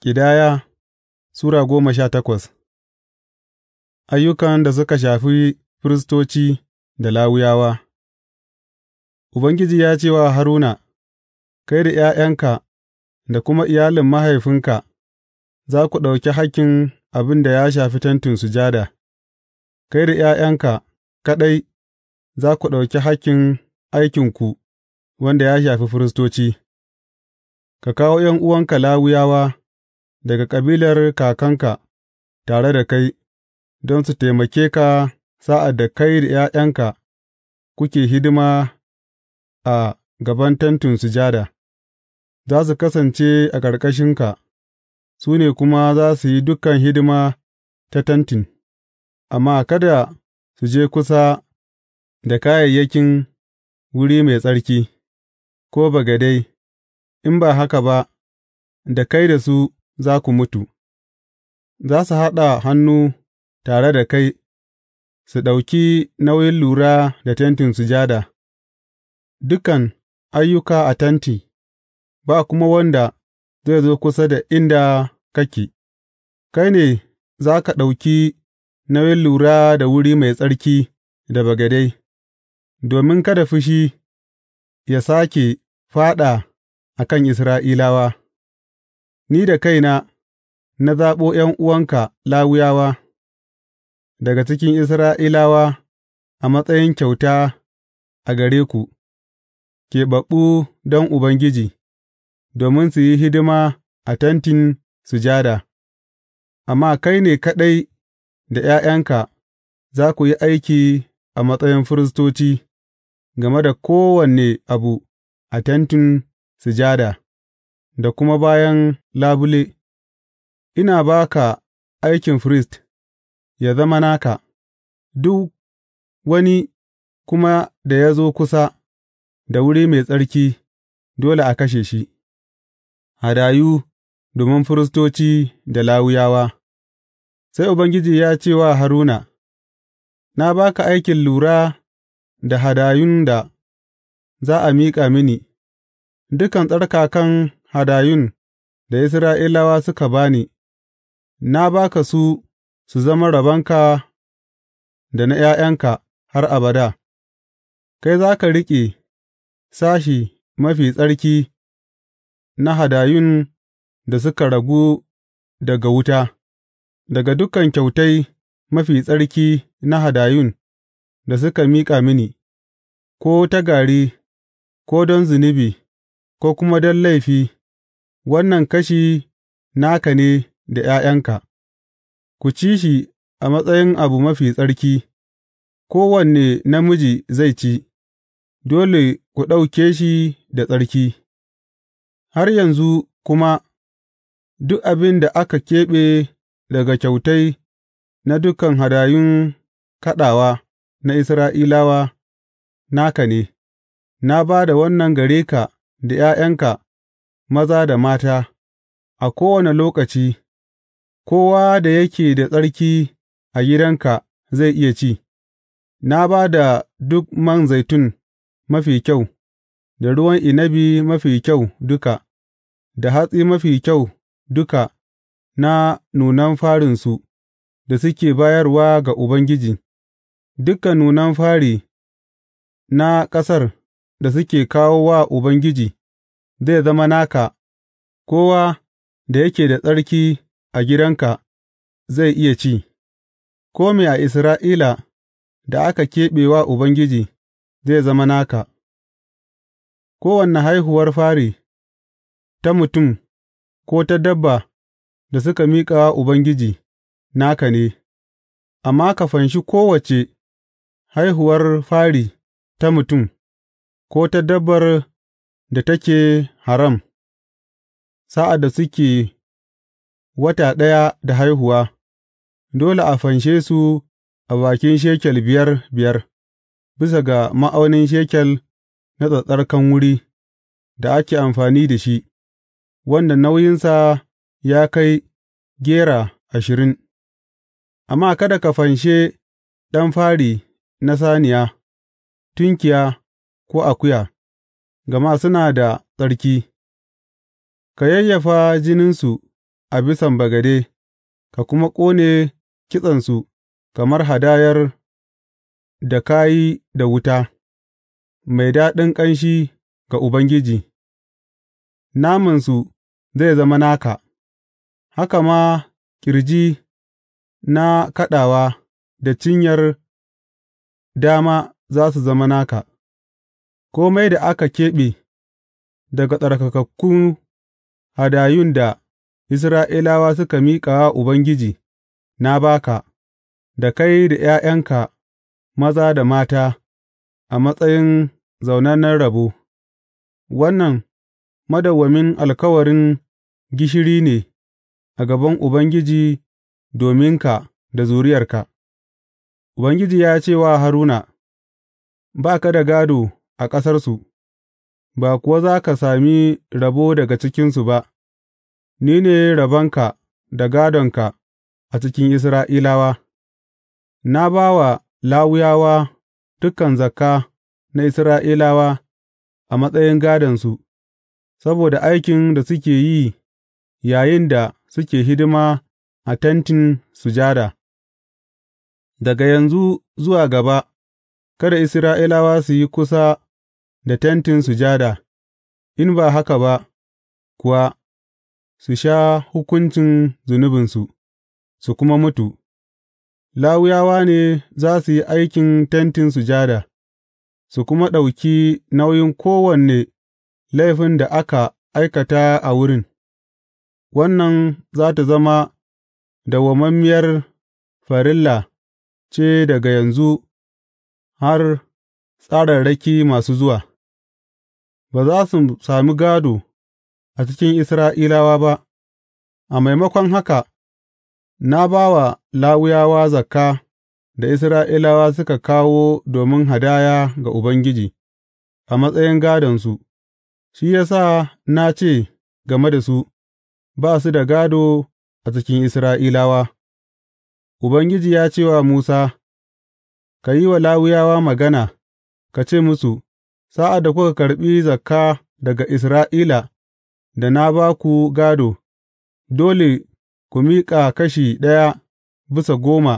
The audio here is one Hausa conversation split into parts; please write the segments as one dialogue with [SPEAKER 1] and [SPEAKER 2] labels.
[SPEAKER 1] Ƙidaya Sura goma sha takwas Ayyukan da suka shafi firistoci da lawuyawa. Ubangiji ya ce wa Haruna, Kai da ’ya'yanka da kuma iyalin mahaifinka za ku ɗauki hakkin abin da ya shafi Tentin Sujada, kai da ’ya'yanka kaɗai za ku ɗauki hakkin aikinku wanda ya shafi firistoci, ka kawo ’yan'uwanka lawuyawa daga kabilar kakanka tare da kai, don su taimake ka sa'ad da kai da ’ya'yanka kuke hidima a gaban Tentin Sujada, za su kasance a ƙarƙashinka, su ne kuma za su yi dukan hidima ta tentin, amma kada su je kusa da kayayyakin wuri mai tsarki, ko bagadai in ba haka ba, da kai da su za ku mutu, za su haɗa hannu tare da kai su ɗauki nauyin lura da Tentin Sujada, dukan ayyuka a tenti, ba kuma wanda zai zo kusa da inda kake, kai ne za ka ɗauki nauyin lura da wuri mai tsarki da bagade, domin kada fushi ya sake fāɗa a kan Isra'ilawa. ni da kaina na zaɓo uwanka Lawiyawa daga cikin Isra'ilawa a matsayin kyauta a gare ku, keɓaɓɓu don Ubangiji, domin su yi hidima a Tentin Sujada, amma kai ne kaɗai da ’ya'yanka za ku yi aiki a matsayin firistoci game da kowane abu a Tentin Sujada. da kuma bayan labule, ina ba ka aikin firist ya zama naka, duk wani kuma da ya zo kusa da wuri mai tsarki dole a kashe shi, hadayu domin firistoci da lawuyawa. Sai Ubangiji ya ce wa Haruna, Na ba ka aikin lura da hadayun da za a miƙa mini, dukan tsarkakan hadayun da Isra'ilawa suka ba ni, na ba ka su su zama rabonka da na ’ya'yanka har abada, kai za ka riƙe sashi mafi tsarki na hadayun da suka ragu daga wuta, daga dukan kyautai mafi tsarki na hadayun da suka miƙa mini, ko ta gari, ko don zunubi, ko kuma don laifi. Wannan kashi naka ne da ’ya'yanka, ku ci shi a matsayin abu mafi tsarki, kowanne namiji zai ci, dole ku ɗauke shi da tsarki, har yanzu kuma duk abin da aka keɓe daga kyautai na dukan hadayun kaɗawa na Isra'ilawa, naka ne, na ba da wannan gare ka da ’ya'yanka. maza da mata, a kowane lokaci, kowa da yake da tsarki a gidanka zai iya ci, na ba da duk man zaitun mafi kyau, da ruwan inabi mafi kyau duka, da hatsi mafi kyau duka na nunan farinsu da suke bayarwa ga Ubangiji, dukan nunan fari na ƙasar da suke kawo wa Ubangiji. zai zama naka, kowa da yake da tsarki a gidanka zai iya ci, Ko kome a Isra'ila da aka keɓe wa Ubangiji zai zama naka, kowane haihuwar fari ta mutum ko ta dabba da suka miƙa wa Ubangiji naka ne, amma ka fanshi kowace haihuwar fari ta mutum, ko ta dabbar da take Haram, sa'ad da suke wata ɗaya da haihuwa, dole a fanshe su a bakin shekel biyar biyar, bisa ga ma'aunin shekel na tsattsarkan wuri da ake amfani da shi, wanda nauyinsa ya kai gera ashirin, amma kada ka fanshe ɗan fari na saniya, tunkiya ko akuya. gama suna da tsarki; ka yayyafa jininsu a bisan bagade ka kuma ƙone kitsensu kamar hadayar da ka yi da wuta, mai daɗin ƙanshi ga Ubangiji; namansu zai zama naka, haka ma ƙirji na kaɗawa da cinyar dama za su zama naka. Kome da aka keɓe daga tsarkakakkun hadayun da Isra'ilawa suka miƙa wa Ubangiji, na ba ka, da kai da ’ya'yanka maza da mata a matsayin zaunannen rabo, wannan madawwamin alkawarin gishiri ne a gaban Ubangiji dominka da zuriyarka, Ubangiji ya ce wa Haruna, Ba ka da gādo. a ƙasarsu, ba kuwa za ka sami rabo daga cikinsu ba, ni ne rabonka da gādonka a cikin Isra'ilawa, na ba wa Lawiyawa dukan zakka na Isra'ilawa a matsayin gādonsu, saboda aikin da suke yi yayinda suke hidima a Tentin Sujada. Daga yanzu zuwa gaba, kada Isra'ilawa su yi kusa da Tentin Sujada, in ba haka ba kuwa su sha hukuncin zunubinsu, su kuma mutu, Lawiyawa ne za su yi aikin Tentin Sujada, su kuma ɗauki nauyin kowanne laifin da aka aikata a wurin, wannan za tă zama dawwammamiyar farilla ce daga yanzu har tsararraki masu zuwa. Ba za su sami gādo a cikin Isra'ilawa ba, a maimakon haka, na ba wa lawuyawa zakka da Isra'ilawa suka kawo domin hadaya ga Ubangiji, a matsayin gādonsu, shi ya sa na ce game da su, Ba su da gādo a cikin Isra'ilawa.’ Ubangiji ya ce wa Musa, Ka yi wa lawuyawa magana, ka ce musu. sa'ad da kuka karɓi zakka daga Isra'ila da na ba ku gādo, dole ku miƙa kashi ɗaya bisa goma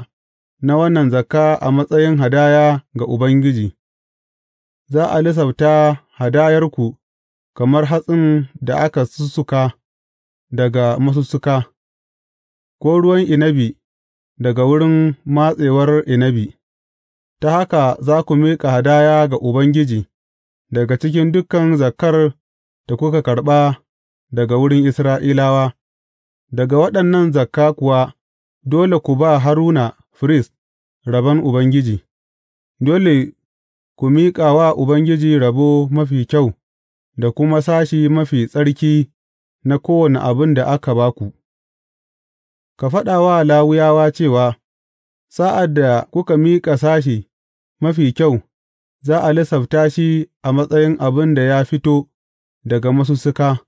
[SPEAKER 1] na wannan zakka a matsayin hadaya ga Ubangiji, za a lissafta hadayarku kamar hatsin da aka sussuka daga masussuka, ko ruwan inabi daga wurin matsewar inabi, ta haka za ku miƙa hadaya ga Ubangiji. daga cikin dukan zakar da kuka karɓa daga wurin Isra'ilawa, daga waɗannan zakka kuwa dole ku ba Haruna firist rabon Ubangiji, dole ku miƙa wa Ubangiji rabo mafi kyau da kuma sashi mafi tsarki na kowane abin da aka ba ku, ka faɗa wa lawuyawa cewa, Sa'ad da kuka miƙa sashi mafi kyau za a lissafta shi a matsayin abin da ya fito daga masussuka,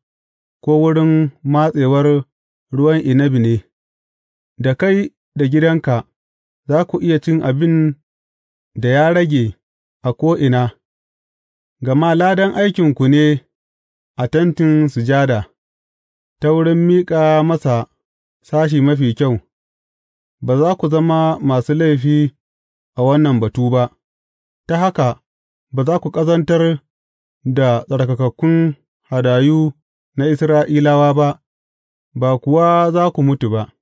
[SPEAKER 1] ko wurin matsewar ruwan inabi ne, da kai da gidanka za ku iya cin abin da ya rage a ko'ina, gama ladan aikinku ne a Tentin Sujada, ta wurin miƙa masa sashi mafi kyau, ba za ku zama masu laifi a wannan batu ba, ta haka. ba za ku ƙazantar da tsarkakakkun hadayu na Isra'ilawa ba, ba kuwa za ku mutu ba.